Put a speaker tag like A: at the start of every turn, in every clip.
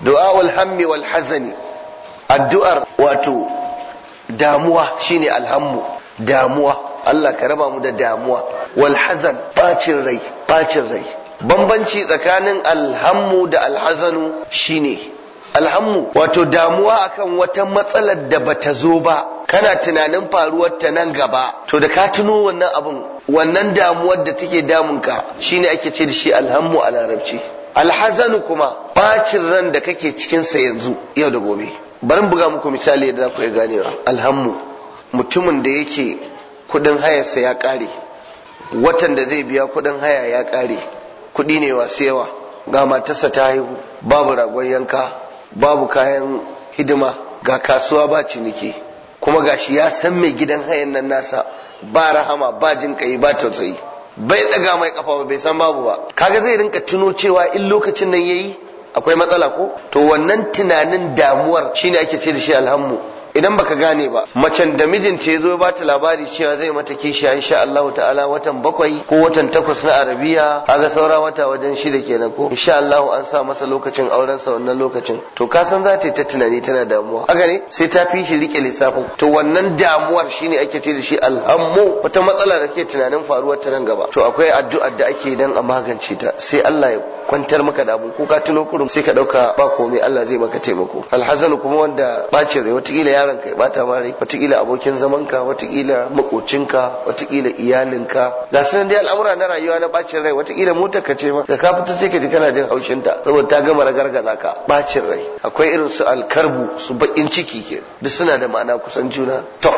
A: Dua hammi walhazani, addu'ar wato damuwa shine alhammu damuwa Allah ka raba mu da damuwa wal bacin rai bacin rai bambanci tsakanin alhammu da alhazanu shine alhammu wato damuwa akan wata matsalar da bata zo ba kana tunanin faruwar ta nan gaba to da ka tuno wannan abun wannan damuwar da take damunka shine ake ce da shi alhammu a larabci alhazanu kuma bacin ran da kake cikin sa yanzu yau da gobe bari buga muku misali yadda za ku iya ganewa alhammu mutumin da yake kudin hayarsa ya kare watan da zai biya kudin haya ya kare kudi ne wasu yawa ga matarsa ta haihu babu ragon yanka babu kayan hidima ga kasuwa ba ciniki kuma gashi ya san mai gidan hayan nan nasa ba rahama ba jin kai ba tausayi bai daga mai kafa ba bai san babu ba kaga zai rinka tuno cewa in lokacin nan yayi akwai matsala ko to wannan tunanin damuwar shine ake ce da shi alhammu idan baka gane ba macen da mijinta ya zo ba ta labari cewa zai mata kishiya insha Allah ta'ala watan bakwai ko watan takwas na arabiya kaga saura wata wajen shida kenan ko insha Allah an sa masa lokacin auren sa wannan lokacin to ka san za ta yi ta tunani tana damuwa a gane sai ta fi shi rike lissafin to wannan damuwar shine ake ce da shi alhammu wata matsala da ke tunanin faruwar ta nan gaba to akwai addu'ar da ake dan a magance ta sai Allah ya kwantar maka da abun ko ka tuno kurum sai ka dauka ba komai Allah zai maka taimako Alhazan kuma wanda bacin rai wata ya yaron ka ya bata ma rai watakila abokin zamanka watakila makocinka watakila iyalinka ga sanan dai al'amura na rayuwa na bacin rai watakila mota ka ce ma da ka fita sai ka ji kana jin haushin ta saboda ta gama ragargaza ka bacin rai akwai irin su alkarbu su bakin ciki ke duk suna da ma'ana kusan juna to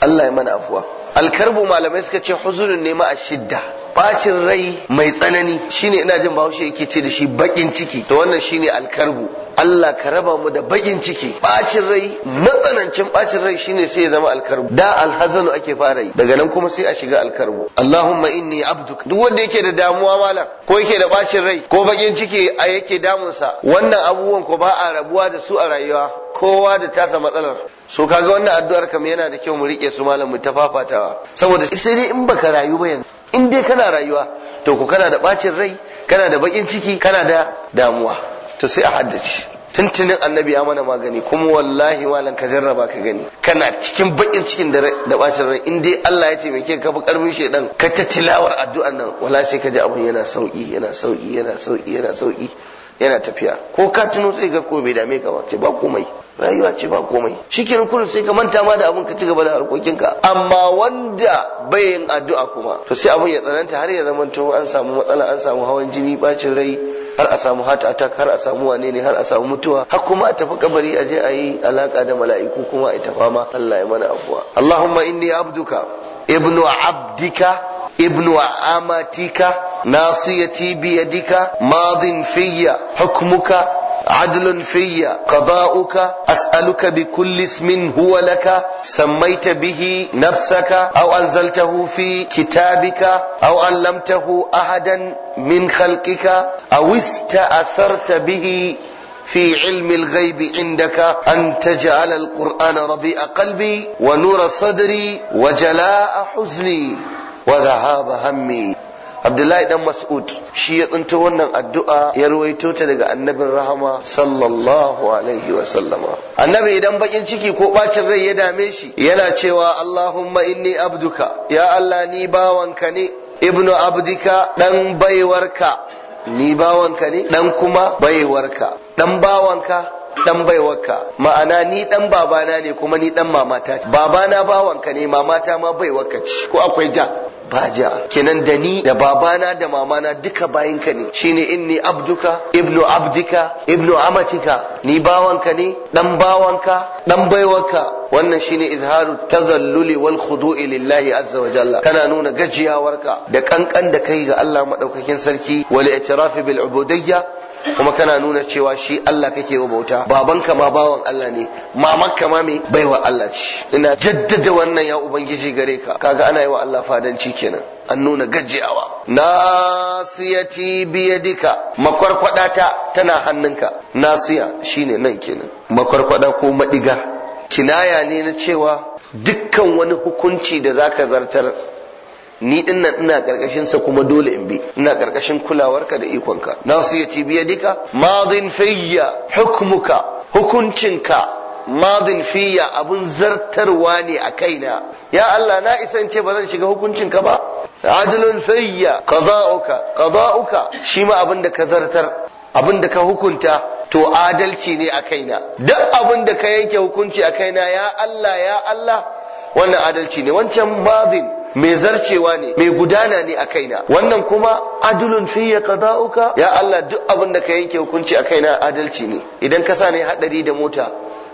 A: Allah ya mana afuwa alkarbu malamai suka ce huzunin nema a shidda bacin rai mai tsanani shine ina jin bahaushe yake ce da shi bakin ciki to wannan shine alkarbu Allah ka raba mu da bakin ciki bacin rai matsanancin bacin rai shine sai ya zama alkarbu da alhazanu ake fara yi daga nan kuma sai a shiga alkarbu Allahumma inni abduka duk wanda yake da damuwa malam ko yake da bacin rai ko bakin ciki a yake damunsa wannan abubuwan ko ba a rabuwa da su a rayuwa kowa da tasa matsalar so kaga wannan addu'ar kam yana da kyau mu rike su malam mu ta fafatawa saboda sai dai in baka rayu ba yanzu in dai kana rayuwa to ku kana da bacin rai kana da bakin ciki kana da damuwa to sai a haddace tuntunin annabi ya mana magani kuma wallahi malam ka jarraba ka gani kana cikin bakin cikin da bacin rai in dai Allah ya taimake ka fi karfin shedan ka ta tilawar addu'an nan wala sai ka ji abun yana sauki yana sauki yana sauki yana sauki yana tafiya ko ka tuno sai ga ko bai dame ka ba ce ba komai rayuwa ce ba komai shikenan rukunin sai ka manta ma da abin ka ci gaba da harkokinka amma wanda bai yin addu'a kuma to sai abin ya tsananta har ya zama to an samu matsala an samu hawan jini bacin rai har a samu heart attack har a samu wane ne har a samu mutuwa har kuma a tafi kabari a je a yi alaka da mala'iku kuma a tafa ma Allah ya mana afuwa Allahumma inni abduka ibnu abdika ibnu amatika nasiyati biyadika madin fiyya hukmuka عدل في قضاؤك أسألك بكل اسم هو لك سميت به نفسك أو أنزلته في كتابك أو علمته أحدا من خلقك أو استأثرت به في علم الغيب عندك أن تجعل القرآن ربيع قلبي ونور صدري وجلاء حزني وذهاب همي abdullahi dan mas'ud shi ya tsinto wannan addu'a ya ruwaito ta daga annabin rahama sallallahu alaihi wa sallama annabi idan bakin ciki ko bacin rai ya dame shi yana cewa allahumma inni abduka ya allah ni bawanka ne ibnu abdika dan baiwarka ni bawanka ne dan kuma baiwarka dan bawanka dan baiwarka ma'ana ni dan babana ne kuma ni dan mamata ce babana bawanka ne mamata ma baiwarka ce ko akwai ja baja kenan da ni da babana da mamana duka bayinka ne shine inni abduka ibnu abdika ibnu amatika ni bawanka ne dan bawanka dan baiwarka wannan shine izharu tazalluli wal khudu'i lillahi azza wa jalla kana nuna gajiyawarka da kankan da kai ga Allah madaukakin sarki wal i'tirafi bil ubudiyya kuma kana nuna cewa shi Allah kake wa bauta ka ma bawan Allah ne ka ma mai baiwa Allah ce ina jaddada wannan ya ubangiji gare ka kaga ana yi wa Allah fadanci kenan an nuna gajiyawa nasiyati biyadika ta tana hannunka nasiya shine nan kenan makwarkwada ko madiga kinaya ne na cewa dukkan wani hukunci da zaka zartar ni dinnan ina karkashin sa kuma dole in bi ina karkashin kulawarka da ikonka nasu ya ce biya dika madin fiyya hukmuka hukuncinka madin fiyya abun zartarwa ne a kaina ya Allah na isa ce ba zan shiga hukuncinka ba adilun fiyya qada'uka qada'uka shi ma abin da ka zartar abin da ka hukunta to adalci ne a kaina duk abin da ka yanke hukunci a kaina ya Allah ya Allah wannan adalci ne wancan madin mai zarcewa ne mai gudana ne a kaina wannan kuma adulun ka qada'uka ya Allah duk abin da ka yanke hukunci a kaina adalci ne idan ka sa ni hadari da mota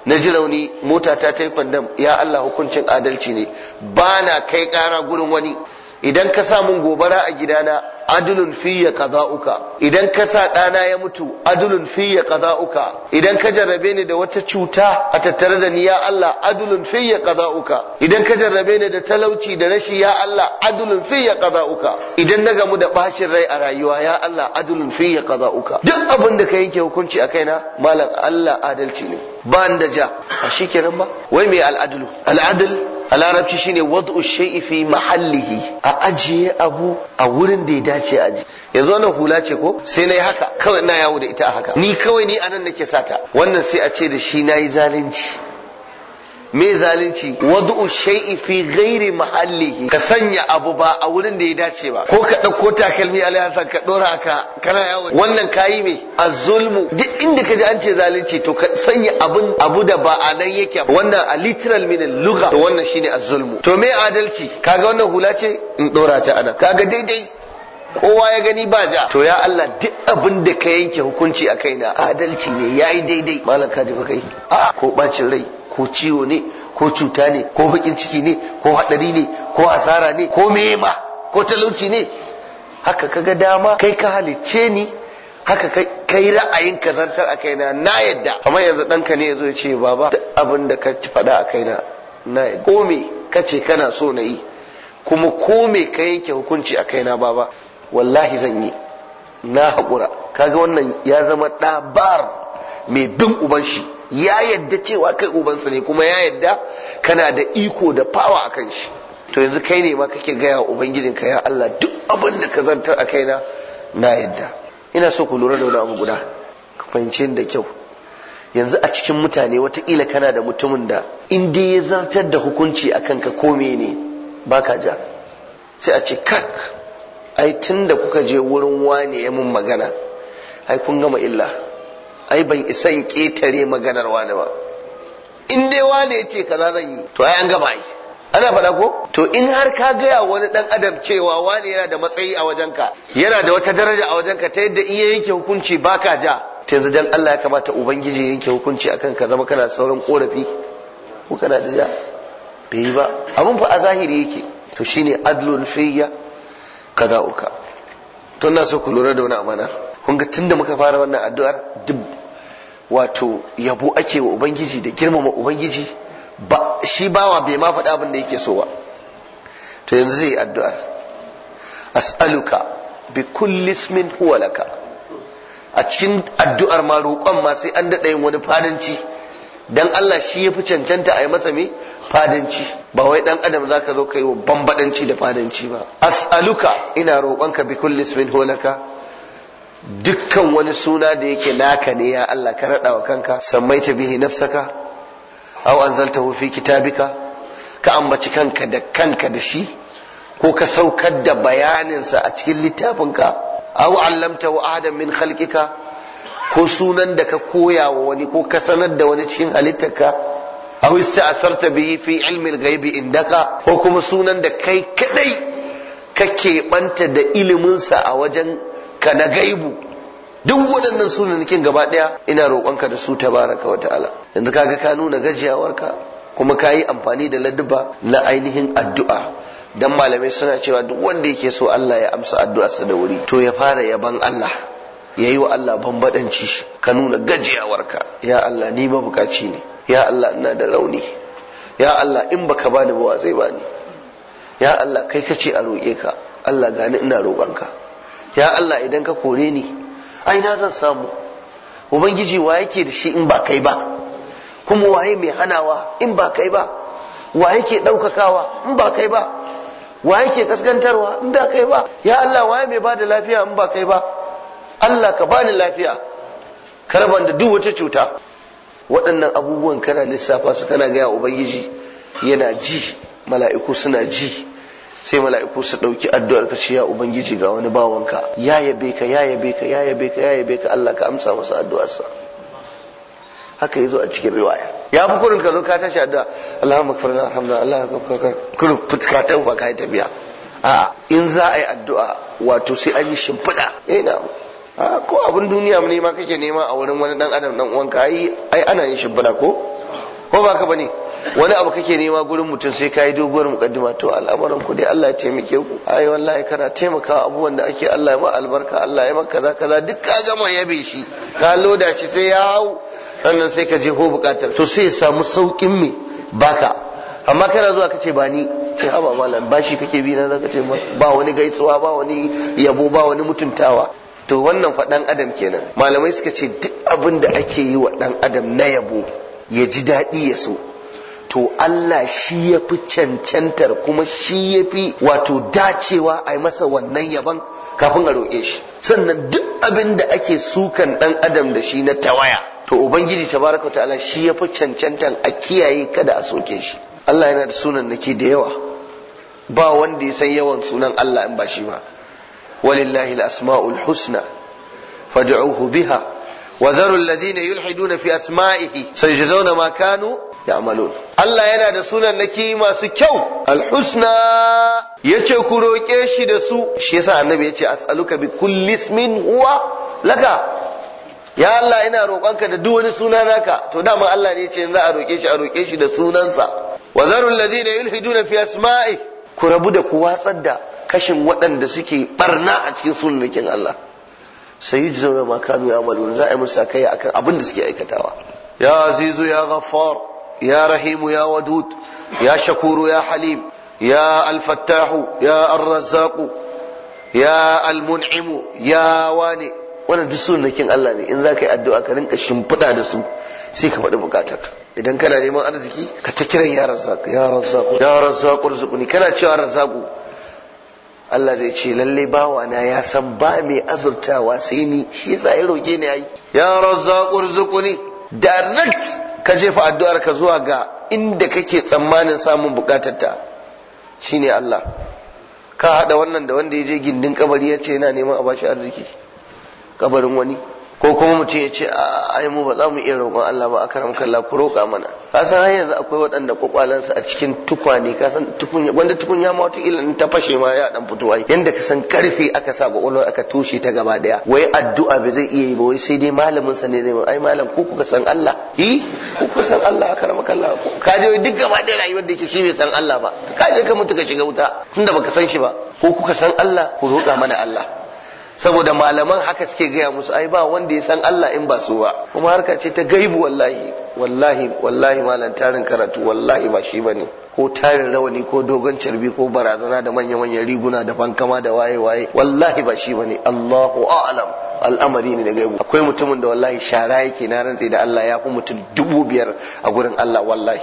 A: na ji rauni mota ta ta yi kwandam ya Allah hukuncin adalci ne ba na kai kara gurin wani idan ka sa mun gobara a gidana adulun fiye kaza'uka, idan ka sa ɗana ya mutu adulun fiye kaza'uka, idan ka jarrabe ni da wata cuta a tattare da ni ya Allah adulun fiye kaza'uka, idan ka jarrabe ni da talauci da rashi ya Allah adulun fiye kaza'uka, idan na gamu da bashin rai a rayuwa ya Allah adulun fiye kaza'uka. duk abin da ka yanke hukunci a kai na malam Allah adalci ne ba da ja a shikenan ba wai me al'adulu al'adul a larabci shine wad'u shay'i fi mahallihi a ajiye abu a wurin da ya dace a ajiye yanzu wannan hula ce ko sai na yi haka kawai na yawo da ita a haka ni kawai ni anan nake sata wannan sai a ce da shi na yi zalunci me zalunci wadu shay'i fi ghairi mahallihi ka sanya abu ba a wurin da ya dace ba ko ka dauko takalmi alai hasan ka dora ka kana yawo wannan kayi me azulmu duk inda ka ji an ce zalunci to ka sanya abun abu da ba a nan yake wannan a literal meaning lugha to wannan shine azulmu to me adalci kaga wannan hula ce in dora ta ana kaga daidai kowa ya gani ba ja to ya Allah duk abin da ka yanke hukunci a kaina adalci ne yayi daidai malam ka ji ba kai a ko bacin rai ko ciwo ne ko cuta ne ko bakin ciki ne ko hadari ne ko asara ne ko mema ko talauci ne haka ka ga dama kai ka halicce ni haka kai ra'ayin ka zartar a kaina na yadda kamar yanzu ɗanka ne yazo ya ce baba duk abin da ka faɗa a kaina na ko me ka ce kana so na yi kuma ko me ka yanke hukunci a kaina baba wallahi zan yi na haƙura kaga wannan ya zama ɗabar mai bin uban shi ya yadda cewa kai ubansa ne kuma ya yadda kana da iko da fawa a kan to yanzu kai ne ma kake gaya ubangijin ka ya Allah duk abin da ka zantar a kaina na yadda ina so ku lura da wani abu guda ka fahimci da kyau yanzu a cikin mutane watakila kana da mutumin da in dai ya zartar da hukunci a ka ko ne baka ja sai a ce kak ai tun da kuka je wurin wane ya mun magana ai kun gama illa ai ban isa in ketare maganar wani ba in dai wani yace kaza zan yi to ai an gama ai ana faɗa ko to in har ka gaya wani ɗan adam cewa wane yana da matsayi a wajenka yana da wata daraja a ka ta yadda in ya yanke hukunci baka ja ta yanzu dan Allah ya kamata ubangiji yanke hukunci akan ka zama kana sauran korafi ko kana da ja bai yi ba abun fa a zahiri yake to shine adlul fiyya qada'uka to na so ku lura da wani amana kun ga tunda muka fara wannan addu'ar duk wato yabo ake wa ubangiji da girmama ubangiji ba shi bawa bai ma faɗa abin da yake so ba to yanzu zai addu'a as'aluka bi kulli ismin huwa laka a cikin addu'ar ma roƙon ma sai an daɗa yin wani fadanci dan Allah shi ya fi cancanta a yi masa me fadanci ba wai dan adam zaka zo kai wa bambadanci da fadanci ba as'aluka ina roƙonka bi kulli ismin huwa laka dukkan wani suna da yake naka ne ya Allah ka rada wa kanka sammaita bihi nafsaka aw anzalta fi kitabika ka ambaci kanka da kanka da shi ko ka saukar da bayaninsa a cikin littafinka aw wa Adam min khalqika ko sunan da ka koya wa wani ko ka sanar da wani cikin halittarka aw ista'sarta bihi fi ilmi al-ghaibi indaka ko kuma sunan da kai kadai kake banta da iliminsa a wajen ka na gaibu duk waɗannan sunanakin gaba ɗaya ina roƙonka da su ta tabaraka wata ala. yanzu kaga ka nuna gajiyawarka kuma ka yi amfani da ladduba na ainihin addu'a dan malamai suna cewa duk wanda yake so Allah ya amsa addu'arsa da wuri to ya fara yaban Allah ya yi wa Allah bambadanci ka nuna gajiyawarka ya Allah ni mabukaci ne ya Allah ina da rauni ya Allah in baka bani ba zai bani ya Allah kai kace a roƙe ka Allah gani ina roƙonka ya Allah idan ka kore ni ai na zan samu ubangiji wa yake da shi in ba kai ba kuma waye mai hanawa in ba kai ba wa yake ɗaukakawa in ba kai ba wa yake kaskantarwa in ba kai ba ya Allah waye mai bada lafiya in ba kai ba Allah ka bani lafiya karban da duk wata cuta waɗannan abubuwan kana lissafa su kana gaya ubangiji yana ji mala'iku suna ji sai mala'iku su ɗauki addu'ar ka ce ya ubangiji ga wani bawanka ya yabe ka ya yabe ka ya yabe ka ya yabe ka Allah ka amsa masa addu'arsa haka yazo a cikin riwaya ya fi kurin ka zo ka tashi addu'a Allahumma na alhamdu Allah ka kurin fitka ta ba kai tafiya a in za a yi addu'a wato sai an yi shimfiɗa eh, na. ko abin duniya ne ma kake nema a wurin wani dan adam dan uwanka ai ai ana yin shimfiɗa ko ko ba ka bane wani abu kake nema gurin mutum sai ka yi doguwar mukaddima to al'amuran ku dai Allah ya taimake ku ai wallahi kana taimakawa abubuwan da ake Allah ya ma albarka Allah ya maka kaza kaza duk ka gama yabe shi ka loda shi sai ya hau sannan sai ka je ho bukatar to sai ya samu saukin me baka amma kana zuwa kace ba ni sai haba malam ba shi kake bi na zaka ce ba wani gaisuwa ba wani yabo ba wani mutuntawa to wannan fa dan adam kenan malamai suka ce duk abin da ake yi wa dan adam na yabo ya ji daɗi ya so to Allah shi ya fi cancantar kuma shi ya fi wato dacewa a yi masa wannan yaban kafin a roƙe shi sannan duk abin da ake sukan ɗan adam da shi na tawaya to ubangiji ta ta'ala shi ya fi cancantar a kiyaye kada a soke shi Allah yana da sunan nake da yawa ba wanda ya san yawan sunan Allah in ba shi ba walillahi al-asma'ul husna fad'uhu biha wa zarul ladina yulhiduna fi asma'ihi sayajzauna ma kanu ya'malun Allah yana da sunan naki masu kyau alhusna yace ku roke shi da su shi yasa annabi yace as'aluka bi kulli ismin huwa laka ya Allah ina roƙonka da duk wani suna naka to dama Allah ne yace za a roke shi a roke shi da sunansa wa zarul ladina yulhiduna fi asma'i ku rabu da ku watsar da kashin waɗanda suke barna a cikin sunan Allah sai yi zauna ma kanu ya malu za a yi musu kai akan abin da suke aikatawa ya azizu ya ghaffar ya rahimu ya wadud ya shakuru ya halim ya alfattahu ya arrazaku ya almun'imu ya wane wannan duk sunnakin Allah ne in za ka yi addu'a ka rinka shimfiɗa da su sai ka faɗi buƙatar idan kana neman arziki ka ta kiran ya razzaq ya razzaq ya razzaq kana cewa razzaqu Allah zai ce lalle na ya san ba mai azurtawa sai ni shi yasa ya roke ni ai ya razzaqur zukuni direct ka jefa addu'ar ka zuwa ga inda kake tsammanin samun bukatar ta shine Allah ka hada wannan da wanda ya je gindin kabari ya ce yana neman a bashi arziki kabarin wani ko kuma mutum ya ce ai mu ba za mu iya roƙon Allah ba a akaram kalla ku roƙa mana ka san har yanzu akwai waɗanda kwakwalansu a cikin tukwane ka san tukunya wanda tukunya ma wata ta fashe ma ya dan fito ai yanda ka san karfi aka sa kwakwalwar aka toshe ta gaba daya wai addu'a bai zai iya yi ba wai sai dai malamin sa ne zai ba ai malam ku kuka san Allah eh ku kuka san Allah akaram kallah ka je duk gaba daya rayuwar da yake shi bai san Allah ba ka je ka mutu ka shiga wuta tunda baka san shi ba ko kuka san Allah ku roƙa mana Allah saboda malaman haka suke gaya musu ai ba wanda ya san Allah in ba su ba kuma harka ce ta gaibu wallahi wallahi wallahi malam tarin karatu wallahi ba shi bane ko tarin rawani ko dogon carbi ko barazana da manya-manyan riguna da fankama da waye-waye wallahi ba shi bane Allahu a'lam al'amari ne da gaibu akwai mutumin da wallahi shara yake na rantsi da Allah ya fi mutum dubu biyar a gurin Allah wallahi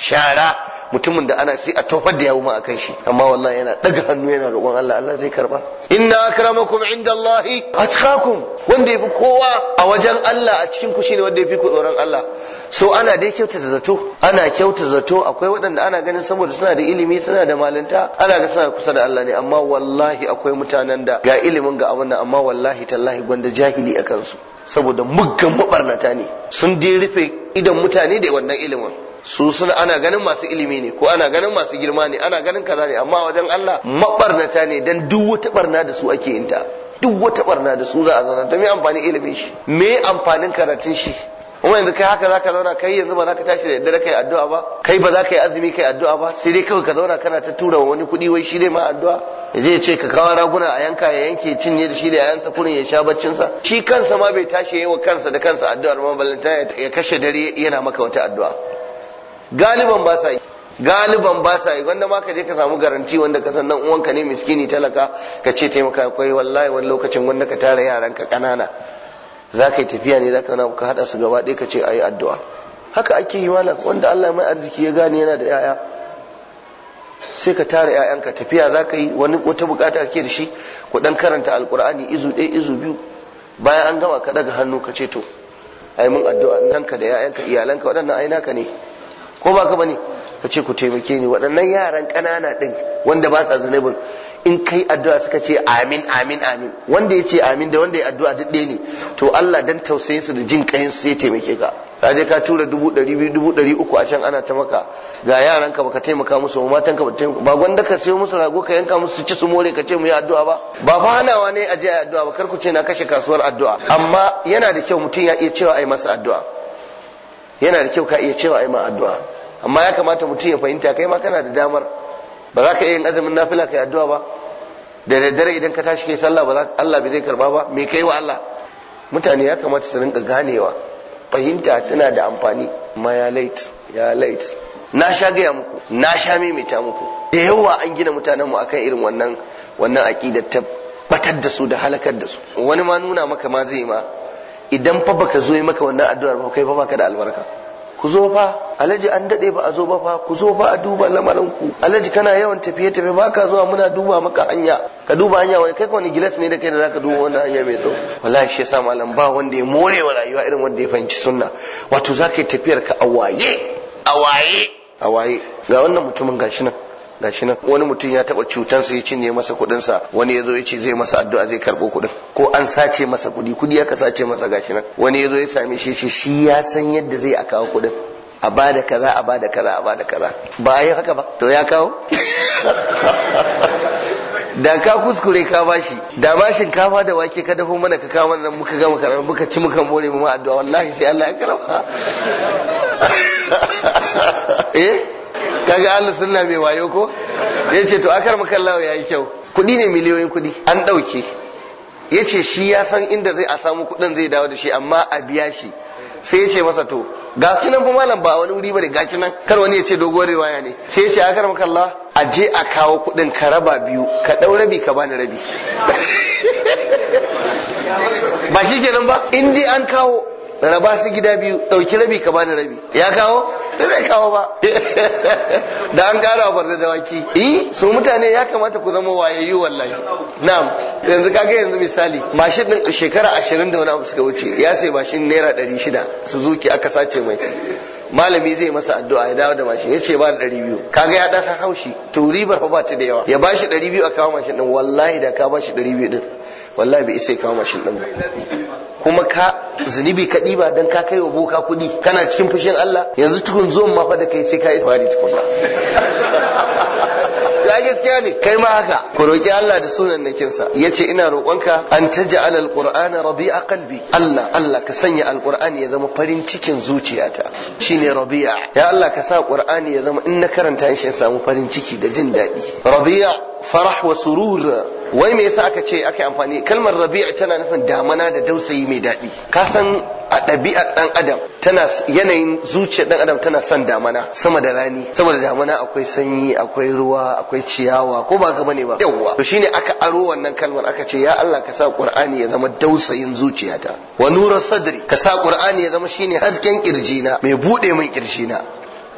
A: shara mutumin da ana sai a tofar da yawo ma akan shi amma wallahi yana daga hannu yana roƙon Allah Allah zai karba inna akramakum indallahi atqakum wanda yafi kowa a wajen Allah a cikin ku shine wanda yafi ku tsoron Allah so ana dai kyautata zato ana kyauta zato akwai waɗanda ana ganin saboda suna da ilimi suna da malinta ana ga suna kusa da Allah ne amma wallahi akwai mutanen da ga ilimin ga abin amma wallahi tallahi gwanda jahili a kansu saboda muggan mabarnata ne sun dai rufe idan mutane da wannan ilimin su suna ana ganin masu ilimi ne ko ana ganin masu girma ne ana ganin kaza ne amma wajen Allah mabarnata ne dan duk wata barna da su ake yinta. duk wata barna da su za a zauna to me amfani ilimin shi me amfanin karatun shi kuma yanzu kai haka zaka zauna kai yanzu ba za tashi da yadda kai addu'a ba kai ba za yi azumi kai addu'a ba sai dai kawai ka zauna kana ta tura wani kuɗi wai shi ne ma addu'a zai ce ka kawo raguna a yanka ya yanke cinye da shi da yayansa kurin ya sha baccin sa shi kansa ma bai tashi yayin wa kansa da kansa addu'ar ma ballanta ya kashe dare yana maka wata addu'a galiban ba sa yi galiban ba sa yi wanda ma ka je ka samu garanti wanda ka san dan uwanka ne miskini talaka ka ce taimaka akwai wallahi wani lokacin wanda ka tara yaran ka kanana za ka yi tafiya ne za ka na ka haɗa su gaba ɗaya ka ce a yi addu'a haka ake yi wala wanda Allah mai arziki ya gane yana da yaya sai ka tara yayanka tafiya za ka yi wani wata bukata kake da shi ku dan karanta alkur'ani izu ɗaya izu biyu bayan an gama ka daga hannu ka ce to ai mun addu'a nan ka da yayanka iyalanka waɗannan ai naka ne ko ba ka bane ka ce ku taimake ni waɗannan yaran ƙanana ɗin wanda ba sa zunubin in kai addu'a suka ce amin amin amin wanda ya ce amin da wanda ya addu'a duk ɗaya ne to Allah dan tausayin su da jin ƙayin su sai taimake ka ka je ka tura dubu ɗari biyu dubu ɗari uku a can ana ta maka ga yaran ka baka taimaka musu ba matan ka ba taimaka ba gwanda ka sayo musu rago ka yanka musu su ci su more ka ce mu yi addu'a ba ba fa hanawa ne a je a addu'a ba kar ku ce na kashe kasuwar addu'a amma yana da kyau mutum ya iya cewa ai masa addu'a yana da kyau ka iya cewa ai ma addu'a amma ya kamata mutum ya fahimta kai ma kana da damar ba za ka iya yin azumin nafila kai addu'a ba da daddare idan ka tashi kai sallah ba Allah bai zai karba ba me kai wa Allah mutane ya kamata su rinka ganewa fahimta tana da amfani amma ya lait ya late na sha gaya muku na sha maimaita muku da yawa an gina mutanen mu akan irin wannan wannan aqidar ta batar da su da halakar da su wani ma nuna maka ma zai ma idan fa baka zo yi maka wannan addu'ar ba kai fa baka da albarka ku zo fa alhaji an dade ba a zo ba fa ku zo fa a duba lamarin ku alhaji kana yawan tafiye tafiye baka zuwa muna duba maka hanya ka duba hanya wani kai wani gilas ne da kai da zaka duba wannan hanya mai tsawo wallahi shi yasa malam ba wanda ya more wa rayuwa irin wanda ya fahimci sunna wato zaka yi tafiyar ka a waye a waye a waye ga wannan mutumin gashi nan gashi nan wani mutum ya taba cutansa ya cinye masa kuɗinsa wani ya zo ya ce zai masa addu'a zai karɓo kuɗin ko an sace masa kuɗi kuɗi aka sace masa gashi nan wani ya zo ya same shi ce shi ya san yadda zai a kawo kuɗin a bada kaza a bada kaza a bada kaza ba a yi haka ba to ya kawo da ka kuskure ka bashi da bashin shinkafa da wake ka dafo mana ka kawo mana muka gama karama muka ci muka more mu addu'a wallahi sai Allah ya karama eh kaga ahlus sunna mai wayo ko yace to akar makallawa yayi kyau kudi ne miliyoyin kudi an dauke yace shi ya san inda zai a samu kudin zai dawo da shi amma a biya shi sai yace masa to ga kinan fa malam ba wani wuri bane ga kinan kar wani ya ce doguwar riwaya ne sai yace akar makallawa a je a kawo kudin ka raba biyu ka dau rabi ka bani rabi ba shi kenan ba in dai an kawo raba su gida biyu ɗauki rabi ka bani rabi ya kawo ba zai kawo ba da an gara a da waki eh su mutane ya kamata ku zama wayayyu wallahi na'am yanzu kaga yanzu misali mashin din shekara 20 da wani abu suka wuce ya sai mashin naira 600 Suzuki aka sace mai malami zai masa addu'a ya dawo da mashin ce ba da 200 kaga ya dan haushi to ribar fa ba ta da yawa ya bashi 200 a kawo mashin din wallahi da ka bashi 200 din wallahi bai isa kawo mashin din ba kuma ka zunubi ka ɗiba dan ka kai wa boka kuɗi kana cikin fushin Allah yanzu tukun zo ma fa da kai sai ka isa bari tukun ya gaskiya ne kai ma haka ku roki Allah da sunan nakin sa yace ina roƙonka an taj'al alqur'ana rabi'a qalbi Allah Allah ka sanya alqur'ani ya zama farin cikin zuciyata shine rabi'a ya Allah ka sa qur'ani ya zama in na karanta shi ya samu farin ciki da jin daɗi rabi'a farah wa surur wai me yasa aka ce aka yi amfani kalmar rabi'a tana nufin damana da dausayi mai daɗi ka san a ɗabi'ar ɗan adam tana yanayin zuciyar ɗan adam tana son damana sama da rani saboda damana akwai sanyi akwai ruwa akwai ciyawa ko ba gaba ne ba yawwa to shine aka aro wannan kalmar aka ce ya Allah ka sa qur'ani ya zama dausayin zuciyata wa nura sadri ka sa qur'ani ya zama shine hasken kirjina mai bude min kirjina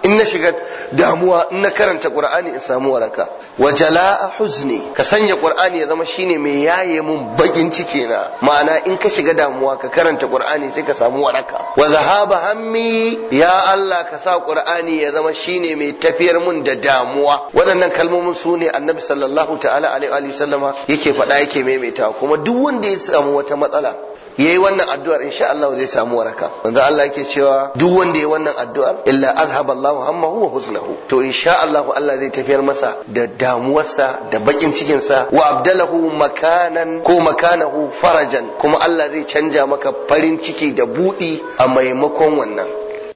A: in na shiga damuwa in na karanta qur'ani in samu waraka wa jala'a huzni ka sanya qur'ani ya zama shine mai yaye mun bakin ciki na ma'ana in ka shiga damuwa ka karanta qur'ani sai ka samu waraka wa zahaba hammi ya Allah ka sa qur'ani ya zama shine mai tafiyar mun da damuwa waɗannan kalmomin su ne annabi sallallahu ta'ala alaihi wa sallama yake faɗa yake maimaita kuma duk wanda ya samu wata matsala ya yi wannan addu'ar insha Allah zai samu waraka wanda Allah yake cewa duk wanda ya yi wannan addu'ar illa azhaba Allahu hamma wa husnahu. to insha Allah Allah zai tafiyar masa da damuwarsa da bakin cikinsa wa abdalahu makanan ko makanahu farajan kuma Allah zai canja maka farin ciki da buɗi a maimakon wannan